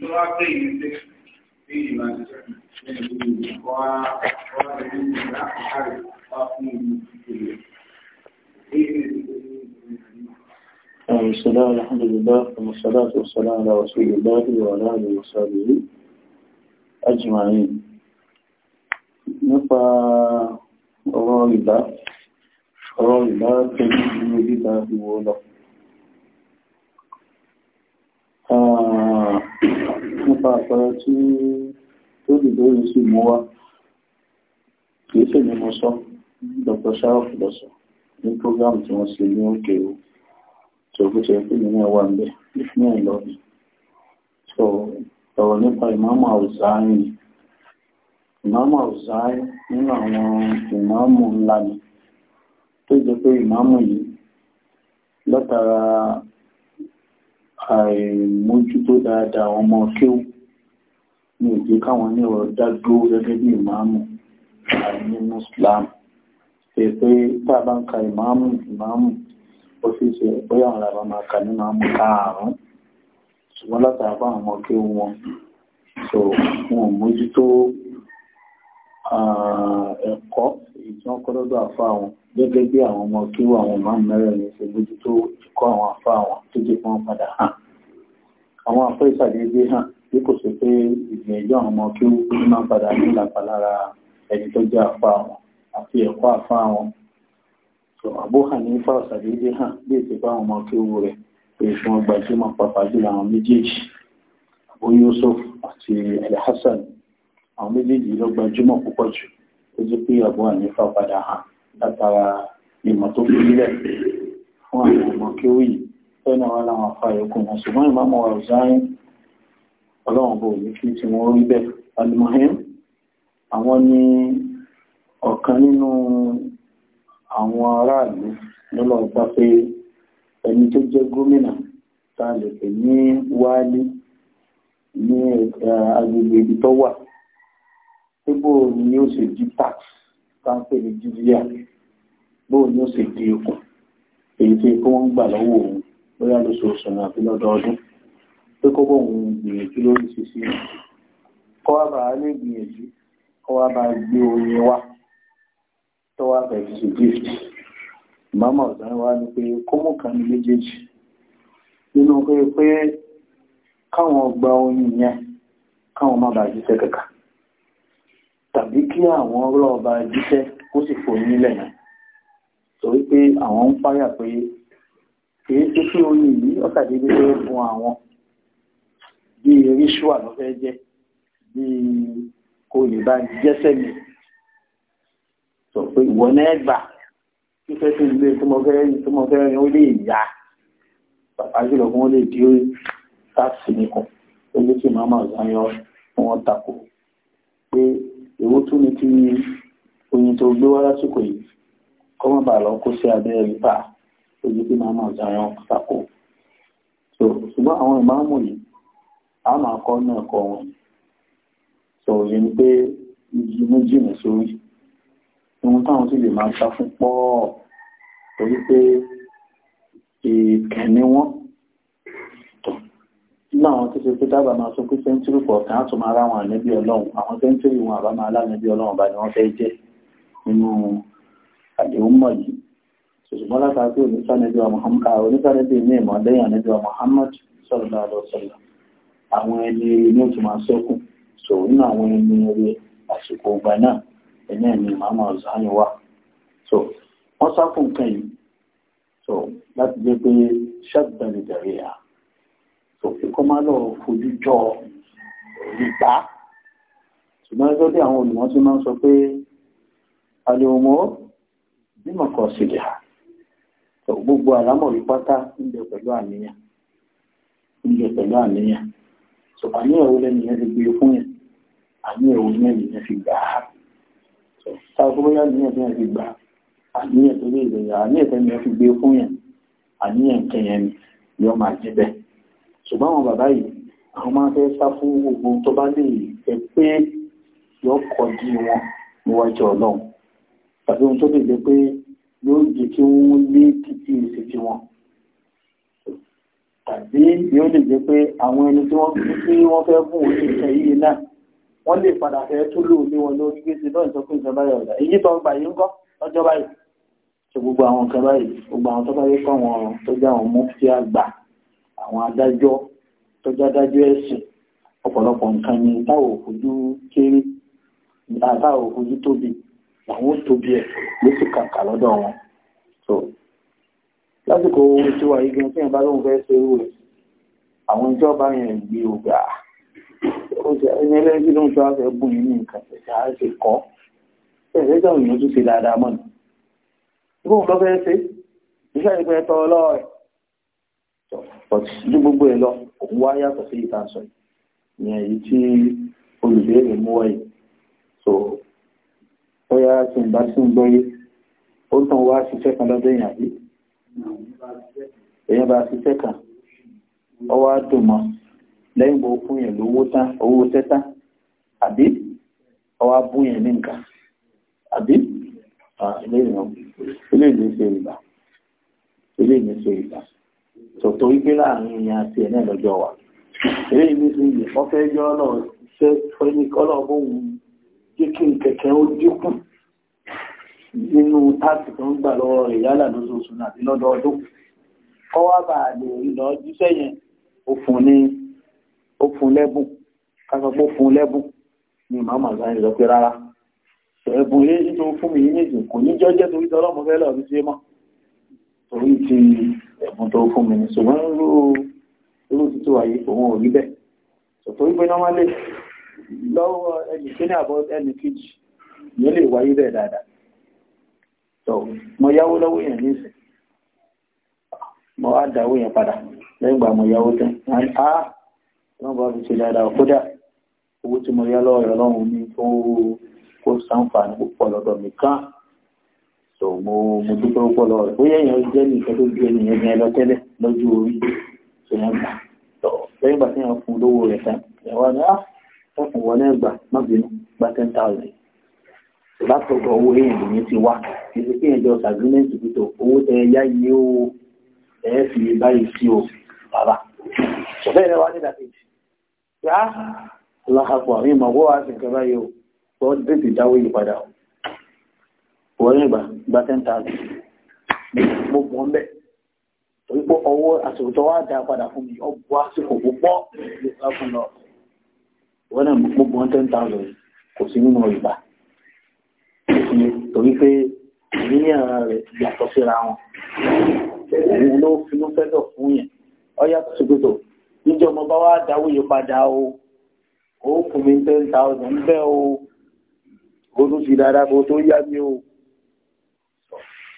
tó wá pé ìyẹn tẹ́ bí ìmọ̀ ẹni tó wá wá lè ní ìlà àkàrẹ̀ wá fún ìlú ìpínlẹ̀. بسم الله الحمد لله والصلاة والسلام على رسول الله وعلى آله وصحبه أجمعين nípa ọ̀rọ̀ ìdá ọ̀rọ̀ ìdá tó ní inú ìdá ìwò lọ. nípa àpẹẹrẹ tí tó dìbò yìí sì mú wá kìí sì ní mo sọ dr sharaf lọsọ ní program tí wọ́n ṣe ní òkè o tó bó ṣe pé nínú ẹwà ń bẹ ìfúnná ìlọrin so ọ̀rọ̀ nípa ìmáàmù àwùzáyìn ni ìmáàmù àwùzáyìn nínú àwọn ìmáàmù ńlá ni tó jẹ́ pé ìmáàmù yìí látara àìmójútó dáadáa àwọn ọmọ kéwù ní òjé káwọn ní ọ̀rọ̀ dádó gẹ́gẹ́ bí ìmáàmù àìní muslim pẹ̀pẹ́ tá a bá ń ka ìmáàmù ìmáàmù ó sì ṣe ẹ̀pẹ́ àwọn làbá máa kà ní máàmù káàrún ṣùgbọ́n látara bá àwọn ọmọ kéwù wọn so wọn ò mójútó ẹ̀kọ́ èyí tí wọ́n kọ́ lọ́dọ̀ àfa wọn gẹ́gẹ́ bí àwọn ọmọ kí àwọn ọmọ mẹ́rẹ̀ ní ṣe lójú tó kọ́ àwọn afá àwọn tó jẹ́ fún padà hàn àwọn afẹ́ ìsàdédé hàn bí kò sí pé ìgbìyànjú àwọn ọmọ kí wọ́n máa padà ní ìlàpá ẹni tó jẹ́ afá àwọn àti ẹ̀kọ́ afá àwọn tó àbó hàn ní ifá ìsàdédé hàn bí èsì bá àwọn ọmọ kí wọ́n rẹ̀ pé kí wọ́n pàpà jù àwọn méjèèjì àbó Yusuf àti al àwọn méjèèjì ló gbajúmọ̀ púpọ̀ jù tó jẹ́ pé àbó hàn ní ifá padà hàn látara ìmọ̀ tó fi lílẹ̀ fún àwọn ọmọ kí ó yìí fẹ́nà wọn láwọn afá ẹ̀kùn wọn ṣùgbọ́n ìmọ̀ ọ̀záyìn ọlọ́run bò ní kí tí wọ́n rí bẹ́ẹ̀ alimohim àwọn ni ọ̀kan nínú àwọn aráàlú lọ́lọ́ gbá pé ẹni tó jẹ́ gómìnà ta lè pè ní wálé ní eh, agbègbè ibi tó wà pé ni ó ṣe di tax sáńpé ní jíríà ní ó sì di ikùn èyí tí kó wọ́n gbà lọ́wọ́ òun bóyá lóṣooṣù ní àbí lọ́dọọdún pé kó bóun gbìyànjú lórí ṣíṣe kọ́ wá bàá lè gbìyànjú kọ́ wá bàá gbé oyin wá tó wá bẹ̀rẹ̀ sí gift màmá ọ̀sán wa ni pé kó mú kan ní méjèèjì nínú pé pé káwọn gba oyin yẹn káwọn má bàa jíṣẹ́ kankan tàbí kí àwọn ọlọ́ọ̀bá jíṣẹ́ kó sì fò nílẹ̀ náà torí pé àwọn ń páyà pé èyí tó kí oyin yìí ọ̀tàdébí fẹ́ fún àwọn bí ríṣùà ló fẹ́ jẹ́ bí kò lè bá jẹ́sẹ̀ mi sọ pé ìwọ náà gbà fífẹ́ sí ilé tó mọ fẹ́ tó mọ fẹ́ rin ó lè yá bàbá jùlọ kí wọ́n lè di ó táàsì nìkan ó lè sì máa máa záyọ fún wọn tako pé èwo tún ni ti oyin tó gbé wá lásìkò yìí kọ́mọ̀ bà lọ kó sí abẹ́ rìpá ojú tí màmá ọ̀jà wọn sàkó so ṣùgbọ́n àwọn ìmáàmù yìí a máa kọ́ náà kọ́ wọn so yìí ni pé igi mú jìnà sórí ohun táwọn sì lè máa sá fún pọ́ torí pé ìkẹ́ni wọn náà àwọn tó ṣe pé dábàá máa sọ pé sẹ́ńtúrì kọ̀ọ̀kan á tún máa rá àwọn ànábì ọlọ́run àwọn sẹ́ńtúrì wọn àbá máa láàánábì ọlọ́run bá ni wọ́n fẹ́ jẹ́ nínú àdéhùn mọ̀ yìí ṣùgbọ́n látàrí pé onísànẹ́bí wa Muhammad onísànẹ́bí ní ìmọ̀ lẹ́yìn ànábì wa Muhammad sallallahu alaihi wasallam àwọn ẹni inú tó máa sẹ́kù sọ nínú àwọn ẹni eré àsìkò ọgbà náà ẹni ẹni màmá ọ̀sánì wa so wọ́n sá fún nǹkan yìí so láti jẹ́ pé ṣàgbọ́n ìdàrí à òfin kọ́ máa lọ́ọ́ fojú jọ ìgbà ṣùgbọ́n ẹgbẹ́ bí àwọn olùmọ̀ tí máa ń sọ pé alẹ́ọmọ mímọ̀ kan sílẹ̀ gbogbo àlámọ̀rí pátá ń bẹ pẹ̀lú àníyàn ń pẹ̀lú àníyàn so àníyàn wo lẹ́nìyàn ti gbé fún yẹn àníyàn wo lẹ́nìyàn fi gbà á táwọn bóyá àníyàn tí wọ́n fi gbà àníyàn tó lè rẹ̀ àníyàn tẹ́lẹ̀ fi gbé fún yẹn àníyàn kẹyẹn ni yọ máa jẹ́ bẹ́ẹ̀ ṣùgbọ́n àwọn bàbá yìí àwọn máa fẹ́ sá fún gbogbo tó bá lè fẹ́ pé yọ kọ di wọn níwájú ọlọ́run tàbí ohun tó lè jẹ́ pé yóò jẹ́ kí wọ́n lé títí èsì tí wọn tàbí yóò lè jẹ́ pé àwọn ẹni tí wọ́n tí wọ́n fẹ́ bùn ó lè tẹ iye náà wọ́n lè padà fẹ́ tó lò lé wọn lórí gbèsè lọ́yìn tó pé ìjọba yọ̀ ọ̀dà èyí tó gbà yín kọ́ lọ́jọ́ báyìí ṣe gbogbo àwọn nǹkan báyìí gbogbo àwọn tó bá yẹ kọ́ wọn tó jẹ́ àwọn mú sí àgbà àwọn adájọ́ tọ́jú adájọ́ ẹ̀sìn ọ̀pọ̀lọpọ̀ nǹkan ni táwọn òfojú kéré táwọn òfojú tóbi làwọn tóbi ẹ̀ ló sì kàkà lọ́dọ̀ wọn so lásìkò ohun tí wà yí gan tí ìbá lóhun fẹ́ ṣe irú rẹ̀ àwọn ìjọba yẹn gbé ògbà ẹni ẹlẹ́gbẹ́ lóhun tí wọ́n fẹ́ bùn yín ní nǹkan ẹ̀ṣẹ̀ á ṣe kọ́ ẹ̀ṣẹ̀ jẹ́ òyìnbó tún ṣe dáadáa mọ́ ni ìbóhun lọ́fẹ́ ṣe iṣẹ́ ìpẹ́ tọ́ ọlọ́ọ̀rẹ́ but gbogbo ẹ lọ wá yàtọ̀ sí ìta sọ ìyẹn èyí tí olùbéèrè mú wáyé so bóyá tí n sí ń gbọ́yé ó tàn wá ṣiṣẹ́ kan lọ́dọ̀ èèyàn bí èèyàn bá ṣiṣẹ́ kan ọ wá dùn mọ́ lẹ́yìn bó fún yẹn lówó tán owó tẹ́tà àbí ọ wá bú yẹn ní nǹkan àbí ilé ah, ìlú ṣe ìgbà ilé ìlú ṣe ìgbà tòtò wípé láàrin ìyẹn àti ẹ̀ náà lọ́jọ́ wa eré ìlú sí ìyẹ̀ ọ̀fẹ́ jọ náà ṣe fẹ́ni kọ́lọ̀ bóun jẹ́ kí n kẹ̀kẹ́ ó dínkù nínú táàtì tó ń gbà lọ́wọ́ rẹ̀ yálà lóṣooṣù àti lọ́dọọdún kọ́wá bá lè lọ jíṣẹ́ yẹn ó fún ní ó fún lẹ́bùn kásán pé ó fún lẹ́bùn ni màmá àgbáyé lọ pé rárá ẹ̀bùn yé nínú fún mi yìí nìyí kò ní jọ́jẹ́ torí tọ́lọ́mọ fẹ́ lọ́ọ́ fi ṣe mọ́ torí ti ẹ̀bùn tó fún mi ní ṣùgbọ́n irú irú títí wáyé òun ò rí bẹ́ẹ̀ sọ̀tọ̀ wípé nọ́málẹ̀ lọ́wọ́ ẹnì kíní àbọ̀ ẹnì kejì yóò lè wáyé bẹ́ẹ̀ dáadáa tọ́ mo yáwó lọ́wọ́ yẹn ní ìsìn mo á dáwó yẹn padà lẹ́yìn gbà mo yáwó tán á wọ́n bá fi ṣe dáadáa kódà owó tí mo yá lọ́wọ́ rẹ̀ lọ́wọ́ mi tó kó sáǹfààní so mo mo dúpẹ́ púpọ̀ lọ rẹ̀ bóyá èèyàn jẹ́ nìkan tó ju ènìyàn gan lọ tẹ́lẹ̀ lọ́jọ́ orí tó yẹn gbà tọ̀ lẹ́yìn ìgbà tí wọ́n fún lówó rẹ̀ tán ìyàwó ni á fọ́kùn wọlé ẹgbà má bínú gba ten thousand látọ̀dọ̀ owó èèyàn lèyìn ti wá kìí kí èèyàn jọ sàgírímẹ́ǹtì pító owó tẹ yá yìí ó ẹ fi báyìí sí o bàbá ṣọ̀fẹ́ rẹ̀ wá nígbà yá aláhàpọ̀ àmì ìmọ̀wọ́ àti ìkẹ́ báyìí o wọ́n ìgbà gba ten thousand mo bọ̀ ń bẹ̀ torí pé ọwọ́ àsìkò tó wá dá padà fún mi ọgbọ́ àsìkò púpọ̀ ló bá fún lọ wọ́n náà mo bọ̀ ten thousand kò sí nínú ìgbà torí pé ní ara rẹ̀ yàtọ̀ síra wọn òun ló finú fẹ́dọ̀ fún yẹn ọ yàtọ̀ sí níjọba bá wá dáwó padà o ó fún mi ten thousand bẹ́ẹ̀ o ó tún ti dáadáa kó tó yá mi o.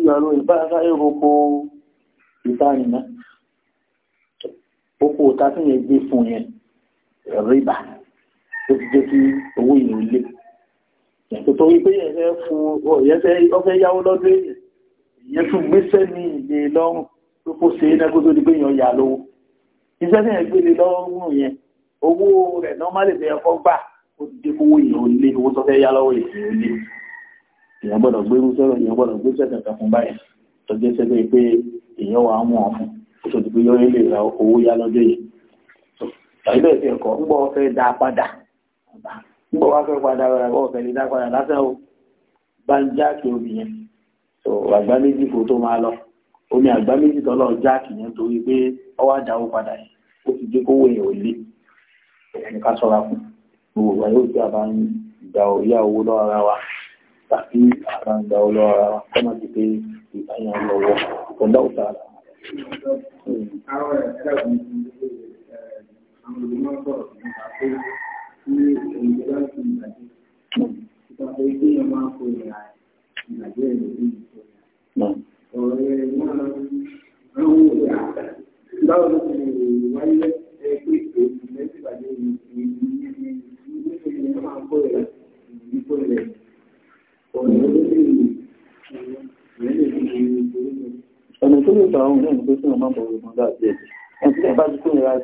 ìyàrò ìbára ìroko ìbárinà oko òta tí yẹn gbé fún yẹn rìbá ó ti jẹ́ kí owó ìlú lé tòtò wípé yẹn fẹ́ fún ọ̀yẹ́ fẹ́ ọfẹ́ yáwó lọ́dún èèyàn ìyẹn tún gbéṣẹ́ ní ilé lọ́rùn tó kó ṣe é náà kó tó di pé yẹn yà lówó iṣẹ́ tí yẹn gbélé lọ́rùn yẹn owó rẹ̀ nọ́málì fẹ́ ọkọ́ gbà ó ti jẹ́ kówó ìlú lé owó tó fẹ́ lọ́wọ́ ìlú lé èèyàn gbọ́dọ̀ gbérú sọ̀rọ̀ èèyàn gbọ́dọ̀ gbé sẹ́kẹ̀ kan fún báyìí tó jẹ́ sẹ́kẹ̀ pé èèyàn wà á mú wọn fún kó pé ra owó yá yìí tàbí fi ń ọ dá padà ń wá padà lè dá padà lásán o bá ń jáàkì tó àgbá méjì tó máa lọ omi àgbá méjì jáàkì yẹn torí pé gbogbo òyà tàbí àkàǹgbà ọlọ́ra kọ́ máa ti pé ìbáyàn lọ́wọ́ ọ̀dá òta Àwọn ẹ̀dá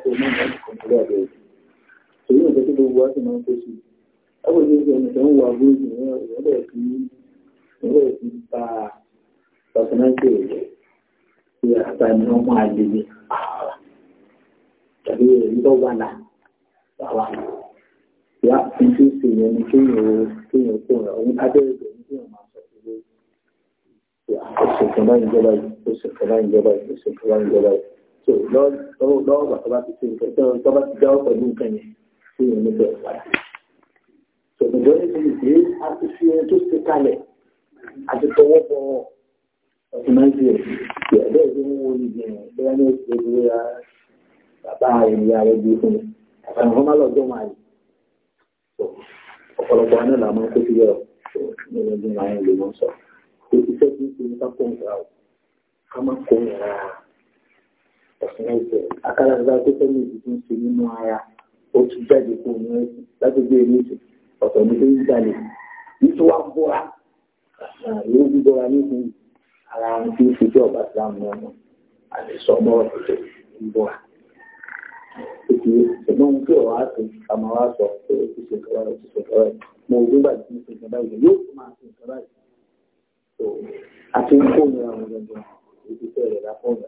ṣe ní ìlànà kọ̀ọ̀kan lọ́dọ̀ yìí èyí ò jẹ́ kí gbogbo wa sì máa ń kó sí ọgbọ̀n tí ó ṣe ẹnìkan ń wà bóyá ìyẹn bẹ̀rẹ̀ sí ìyẹn ni wọ́n máa lè ní ààrà tàbí èyí tó wà náà wà yá ìṣe ìṣe yẹn ni kéèyàn ó kéèyàn kó ra òun abẹ́rẹ́ rẹ̀ ní kéèyàn máa sọ pé tó lọ́wọ́ gbà tó bá ti ṣe nǹkan tó bá ti dáwọ́ pẹ̀lú nǹkan yẹn tí èèyàn ní fẹ́ẹ́ padà. ṣòkòtò ní ti ṣe a ti fi ẹni tó ṣe kalẹ̀ a ti tọwọ́ bọ ọtí máa ń ṣe ìyàgbẹ́ ìṣe ń wo ibi ẹ̀ bẹ́ẹ̀ ní oṣù tó gbé bàbá ìyá rẹ̀ gbé fún mi àtàwọn ọmọ máa yìí ọ̀pọ̀lọpọ̀ àná sọ. Iṣẹ́ tí ń ṣe ká kó ń ra ọ̀ ká má kó ń ra ọ̀ ẹ̀sìn àkàrà ìgbà tó fẹ́ ní ìdíjú ṣe nínú ara ó ti jáde kó ní ẹ̀sìn lágbègbè ẹ̀mẹ́sì ọ̀tọ̀ ní lórí ìgbàlẹ̀ nítorí wàá bọ́ra yóò bí bọ́ra níbi ara àwọn tí ó fi jẹ́ ọ̀bá síláàmù ọmọ àti sọmọ ọ̀tọ̀ ń bọ́ra. Ètò ìṣẹ̀gbọ́n tí ọ̀rọ̀ á sọ àmọ́ wá sọ pé ó ti ṣe ìkọ́lá ó ti ṣe ìkọ́lá ẹ̀. Mo ò nígbà tí mo ṣe ìkọ́lá ìgbà yóò tún máa ṣe ìkọ́lá ìgbà. Àti ń kó ìnira wọn gbọ̀ngàn ètò ìṣẹ̀lẹ̀ lápọ̀ ọ̀gá.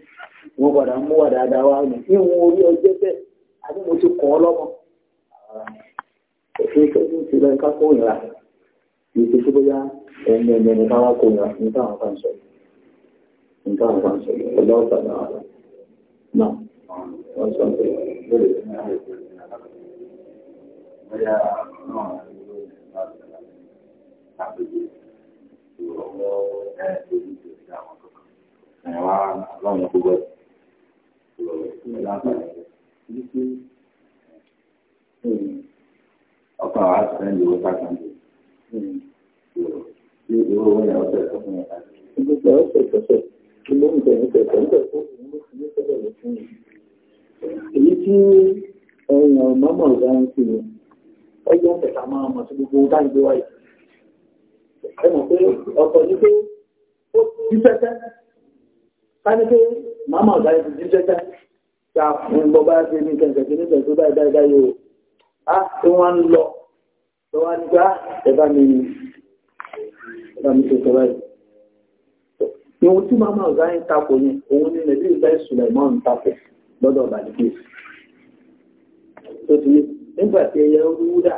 mo padà mú wà dáadáa wá ní ìwọ̀n orí ọjọ́ bẹ́ẹ̀ àbí mo ti kọ́ ọ lọ́mọ. òfin ti lọ ká kó ìlà kì í bóyá ẹni ẹni ẹni ká kó ìlà ní táwọn kan sọ ní táwọn kan sọ ọjọ́ ọ̀sán náà náà wọ́n sọ pé lórí ìgbà Àwọn ọlọ́run gbogbo ẹ̀ ọkọ̀ àwọn àṣẹ ń lo ọjà kan jù ṣé ìwé owó yẹn ọ̀sẹ̀ tó fún yẹn láti. ọ̀sẹ̀ tọ́sẹ̀ kí ló ń bẹ̀ ń bẹ̀ ń bẹ̀ fún òun ló fi ní sọ́dọ̀ lọ fún yẹn. èyí tí ẹ̀yàn mọ́mọ́ ọ̀gá ń fi ni ẹgbẹ́ ọ̀sẹ̀ta máa mọ̀ sí gbogbo bá ń wáyé. ẹ mọ̀ pé ọkọ̀ ní pé ó ti fẹ́fẹ́ káni pé màmá ọ̀gá ẹ̀sìn jíjẹ́ tẹ́ ta ń gbọ́ bá ṣe ní kẹsẹ̀ kí ní tẹ̀sí báyìí báyìí báyìí o á tí wọ́n ń lọ tó wá ní pé ẹ bá mi ẹ bá mi ṣe sọ báyìí. ní ohun tí màmá ọ̀gá yẹn takò yẹn òun ni nàbí ìgbà ìṣúná ìmọ̀ ń takò lọ́dọ̀ bàdìkì tó ti ní nígbà tí ẹyẹ rúdà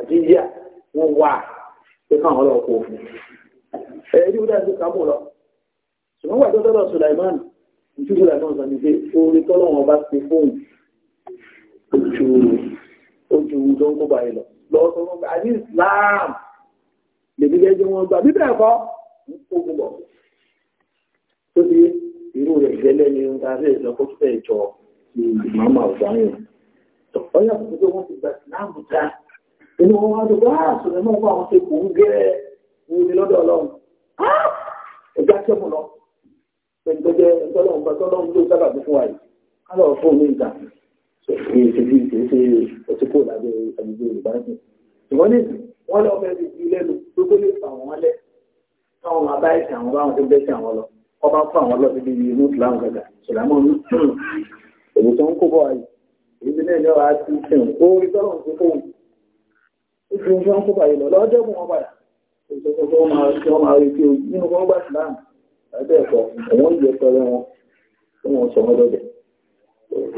àdíyà wọ́n wà pé káwọn ọlọ́wọ́ kò fún ẹ̀yẹ́ ní wúdà sí kàmù lọ ṣùgbọ́n wà tọ́tọ́ lọ Sùlàìmán ìtú Sùlàìmán sọ ní pé orí tọ́lọ́wọ́n bá ti fóun ojú ojú tó ń kó báyìí lọ lọ́wọ́ tó wọ́n gbà Islam lèbi gẹ́gẹ́ wọn gbà bíbẹ̀ ẹ̀kọ́ ń kó gbọ́ tó ti irú rẹ̀ gẹ́lẹ́ ni ń darí ìlọ́kọ́ fẹ́ ìjọ ìmọ̀ àwọn ọ̀gá yẹn ọ̀yà kò tó wọ́n ti gbà inú wọn wájú bá àṣùnà náà bá wọn ṣe kò ń gẹ́ wuli lọ́dọ̀ ọlọ́run ẹgbẹ́ akẹ́kọ̀ọ́ lọ pẹ̀lúgbẹ́jẹ́ ọlọ́run bá tọ́lọ́run ló sábà bí fún wa yìí kálọ̀ fún mi ìgbà ìṣèjì ìṣèṣe ọtí kò lábẹ́ àgbègbè Yorùbá ní ṣùgbọ́n ní wọ́n lọ fẹ́ fi ilé lu gbogbo lè fà wọ́n lẹ̀ káwọn máa ẹ̀sìn àwọn báwọn tó bẹ́sẹ̀ àwọn lọ ọba fún àwọn lọ síbi inú ìlànà gàgà ìṣòlámọ́ ní èyí tó ń kó bọ́ wa yìí èyí ti sìn ó rí tọ́lọ̀ kó ju ohun tí wọ́n kó báyìí lọ lọ́jọ́ kún wọn padà ìṣòkòtò wọn máa ṣe wọn máa rí pé nínú kan gbà síláàmù ẹgbẹ́ ẹ̀kọ́ àwọn ìjẹ pẹrẹ wọn tí wọ́n sọ wọn lọ́dẹ̀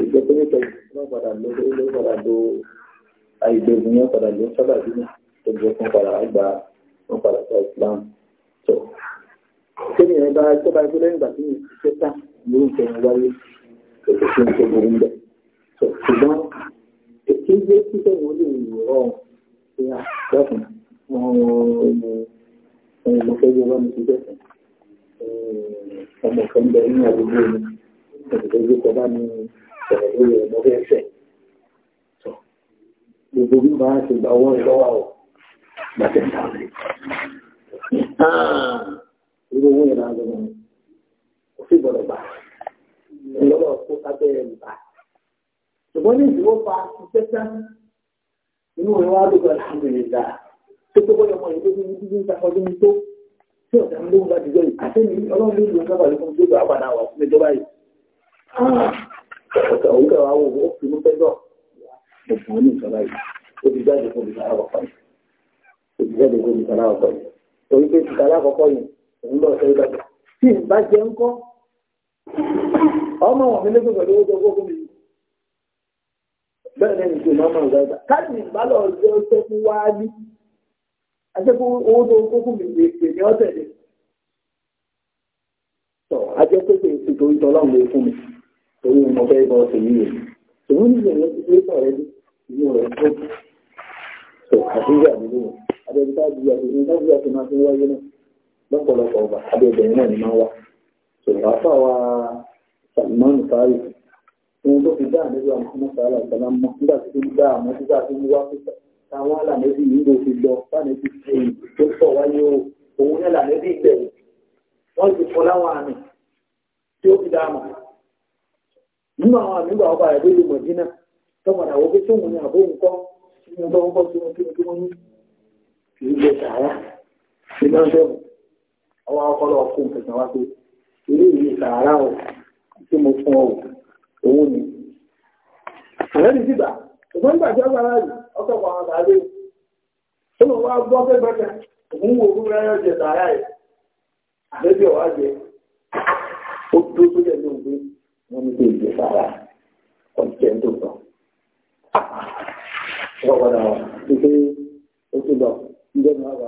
ìjẹ pé nítorí wọ́n padà ló ló padà lo àìgbẹ̀gùn yẹn padà ló sábà bí ní tó jẹ́ kún padà àgbà wọn padà sí ìsìláàmù tó kéde yẹn bá tó bá ikú lẹ́yìn ìgbà tí ìṣẹ́ tà ló ń tẹ̀yìn wáyé ètò tí ń tó burú ń bẹ̀ ṣùgbọ́n ètí ilé títẹ̀ wọn lè rọrùn ṣe àjọkùn wọn mo fẹ́ yọ wá mi ti jẹ́ ọmọ kan bẹ ní àdúgbò mi òṣìṣẹ́ yìí kọ́ bá mi sọ̀rọ̀ lórí ọmọ fẹ́ fẹ́ gbogbo bí máa ṣe gbà wọ́n lọ́wọ́ ọ̀ gbàtẹ́ sáré irú owó yẹn lọ́wọ́ mi kò sí ṣùgbọ́n ní ìdíwọ́ fa iṣẹ́ sáà inú rẹ̀ wá lóko àlùfáà tó tó bọ́yọ̀ ọmọ ìlú ní bí ń ta ọdún ní tó tí ọ̀dà ń lóhun láti gbẹ̀yìn àti ní ọlọ́run ló lò sábà lókun tó gbà padà wà fún ìjọba yìí. ọ̀sẹ̀ òun kẹwàá wò ó fi mú fẹ́jọ́ mo fún ọ ní ìjọba yìí ó ti jáde fún ìsàlá ọ̀pọ̀ yìí ó ti jáde fún ìsàlá ọ̀pọ̀ yìí torí pé ìsàlá àkọ́kọ́ yìí òun lọ sẹ́yìn lọ́dọ̀ tí ìbá jẹ́ ńkọ́ ọmọ wọn mi lé bẹ́ẹ̀ náà nìkan máa máa ń gbàgbà káàdì ìbálò ọjọ́ sẹ́kù wá ní àjẹkù owó tó kókù mi lè ní ọ̀sẹ̀ ni. tọ́ àjẹkù tó ti torí tọ́lọ́run lè fún mi torí mo fẹ́ bọ́ sí yìí ní ìyẹn tó kù. àdúgbò àdúgbò àdúgbò òun ló fi dá àlejò àmọ́ sàálà ìsàlá mọ́ nígbà tí ó ń dá àmọ́ nígbà tí ó ń wá pípa táwọn alàmẹ́bí yìí ló fi lọ sàlẹ́bí ẹ̀yìn tó pọ̀ wáyé o òun ní alàmẹ́bí ìgbẹ̀yìn wọ́n ti fún láwọn àmì tí ó fi dá àmọ́ nínú àwọn àmì ìgbà ọba rẹ̀ lórí mọ̀dínà tọmọdà wo pé tóun ní àbó nǹkan tí mo bá wọ́pọ̀ tí mo kí kí mo ní kì í lè sàárà iná sẹ́wọ̀n ọwọ́ akọ́lọ́ ọkùnrin kẹsàn-án pé ilé sàárà ò tí mo fún ọ owó ni àlẹ́bí sì gbà nígbà tí ọgbà láàyè ọkọ̀ àwọn àgbà tó lọ wá gbọ́ pé bẹ́ẹ̀ òun wo orú rẹ̀ yọjẹ tààrà ẹ̀ àlẹ́bí ọ̀wá jẹ ó ndị tó jẹ ní òwe wọn ní kí n tààrà ọ̀jẹ̀ tó ó lọ ilé náà wà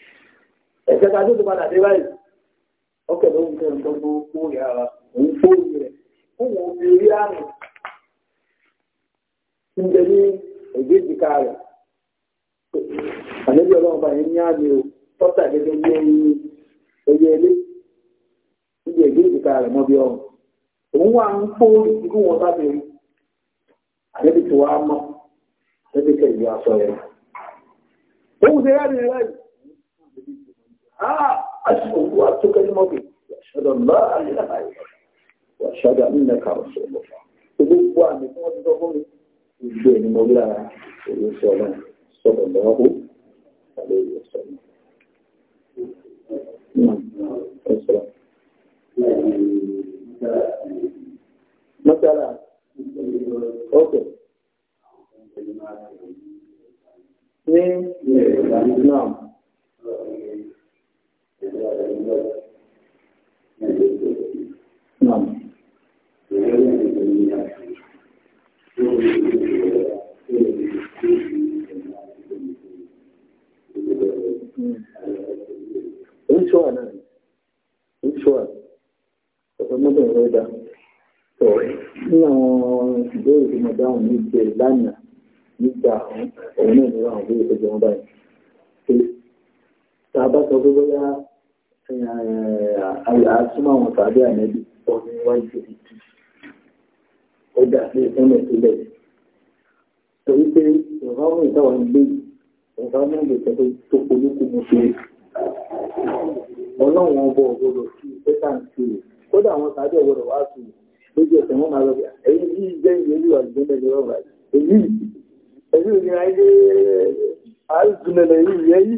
ẹ̀jẹ̀ ká tó ti padà dé báyìí ọkẹ̀ ló ń tẹ̀lé tó gbogbo ìyá ara òun fóònù rẹ̀ fún wọn fi rí àrùn ń bẹ ní rẹ̀ àlejò ọlọ́run bá yẹn ní àmì o tọ́tà gẹ́gẹ́ ẹyẹ ilé rẹ̀ òun wà ń wọn rí àlejò tí mọ́ tẹ̀lé أسأل وأتك المضي وأشهد أن لا إله إلا الله وأشهد أنك رسول الله إذن وأني كنت تقول إذن مولانا صلى الله عليه وسلم مثلا اوكي نعم Tàbá sọ pé bóyá Eh, àtúmọ̀ àwọn tàbí àmẹ́bí pọ̀ níwájú ìtú ó dà sí ìpínlẹ̀ tó bẹ̀rẹ̀ torí pé ìrọ̀rùn ìtawà ń gbé ìrọ̀rùn ìgbésẹ̀ tó polúkú mú ṣe ọlọ́run ọbọ̀ ọgbọ́dọ̀ sí pẹ́tà ń ṣe kódà wọn tàbí ọgbọ́dọ̀ wá sí lójú ẹsẹ̀ wọn máa lọ èyí ní ayé àìsùn lẹ́lẹ̀ yìí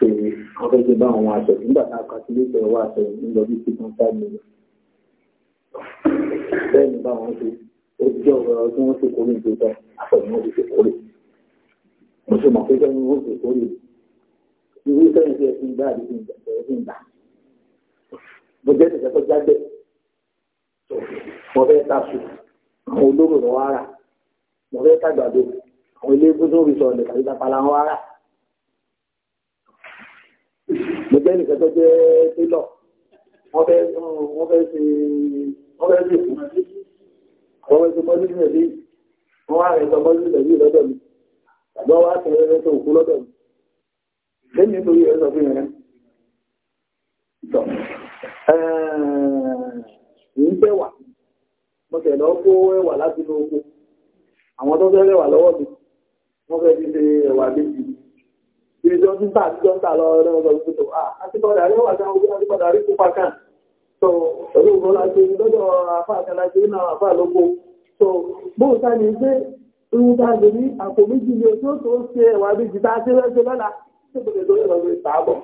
pé wọ́n fẹ́ ṣe bá àwọn aṣọ nígbà tá a kà sí lẹ́sẹ̀ ọwọ́ aṣọ yìí ń lọ bí six point five million. bẹ́ẹ̀ ni báwọn ṣe ó jẹ́ ọ̀rọ̀ tí wọ́n ṣe kórè tó tọ́ aṣọ ni wọ́n ti ṣe kórè. mo ṣe mọ̀ pé sẹ́yìn wọ́n ṣe kórè irú sẹ́yìn tí ẹ ti ń gbá àdúgbò ìgbà tí ẹ ti ń gbà. mo jẹ́ ìṣẹ́ tó jáde mo fẹ́ taṣù àwọn olóró lọ́wọ́ ara mo fẹ́ tàgbàdo àwọn ilé gbódò rìsọ̀ọ̀lẹ̀ tàbí tapala wọn ara. jẹ́ nìkan tó jẹ́ télọ̀ wọ́n fẹ́ ṣe wọ́n fẹ́ wọ́n fẹ́ ṣe fún wọ́n lọ́dọ̀ mi àgbọ́ wá tẹ̀lé rẹ̀ lọ́dọ̀ mi lẹ́yìn nítorí rẹ̀ sọ ń fẹ́ wà mo láti ìjọ tí bá àtijọ́ ń tà lọ ọ̀rẹ́ ọ̀rọ̀ ìpòtò àtìkọ́dà rí wà sáwọn ogun àtìkọ́dà rí kópa kan so pẹ̀lú òun láti lọ́dọ̀ àfà àkàlàṣe náà àfà lóko so bóun sá ni pé irun ni ojú tó ń ṣe ẹwà méjì tá a ṣe rẹ́ṣẹ́ lọ́la tó kò lè lórí ọ̀rọ̀ mi tààbọ̀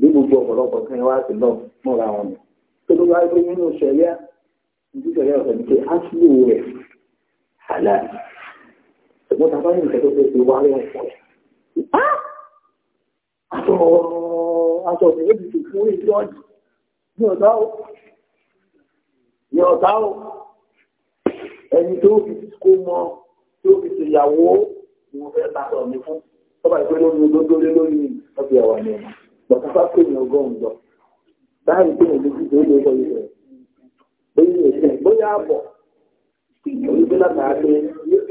bí gbogbo ọ̀pọ̀lọpọ̀ kan wá sí náà mọ́ra wọn ni tó ló wáyé pé nínú ṣẹ̀ríà ìdíṣẹ̀ríà ọ̀sẹ̀ ní pé á sílò rẹ̀ àlàyé ṣùgbọ́n tá a bá ní nǹkan tó fẹ́ fi wá lẹ́yìn ìṣẹ̀lẹ̀. aṣọ aṣọ òṣèré ti fún ìjọ ní ọ̀tá o ní ọ̀tá o ẹni tó fi kó mọ tó fi ṣèyàwó ni mo fẹ́ bá sọ̀rọ̀ mi fún tọ́ba ìpé lórí olóńdó lé lórí ọ̀fẹ́ ẹ̀wà ni ọ̀nà bọ̀tún bá pè ní ọgọ́rùn-ún lọ báyìí tó ní ojú tó lè sọ ìṣẹ̀lẹ̀ bóyá àbọ̀ òyìnbó látàá pé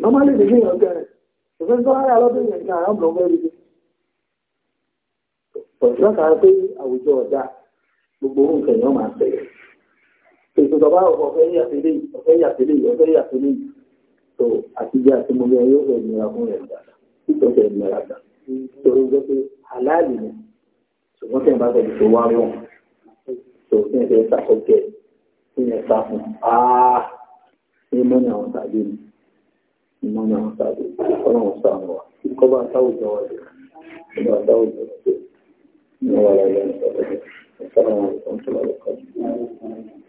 normally ní ìyàn jẹ́ rẹ̀ ṣùgbọ́n tó ara lọ́dún yẹn ní àrá mọ̀ mẹ́rin ní ọ̀ṣọ́ kan pé àwùjọ ọ̀dà gbogbo ohun kẹ̀ yọ́ máa tẹ̀lé ìṣèjọba ọ̀fẹ́ yàtẹ̀lé ọ̀fẹ́ yàtẹ̀lé ọ̀fẹ́ yàtẹ̀lé tó àtijọ́ àti mo yẹ yóò fẹ́ nira fún rẹ̀ dáadáa ìtọ́jú ẹ̀ nira dáadáa torí jẹ́ pé aláàlì ni ṣùgbọ́n tẹ̀ bá tẹ̀lé tó wá rọ̀ tó tẹ̀ fẹ́ sàkọ́kẹ́ tẹ̀ sá fún ah ní mọ́ni àwọn tàbí mi. i m a n Al-Hasadi, ọ l ọ ́ u n s a n m ù wa, kọ́ bá t a w ù j a wa jù, kọ́ bá t a w ù j ọ wa jù, n a w a l a y é ì ṣ ọ a l ẹ ̀ ì ṣ a ́ l ẹ ̀ wọn tó l a ́ l ọ ́ k ọ ̀ ọ ́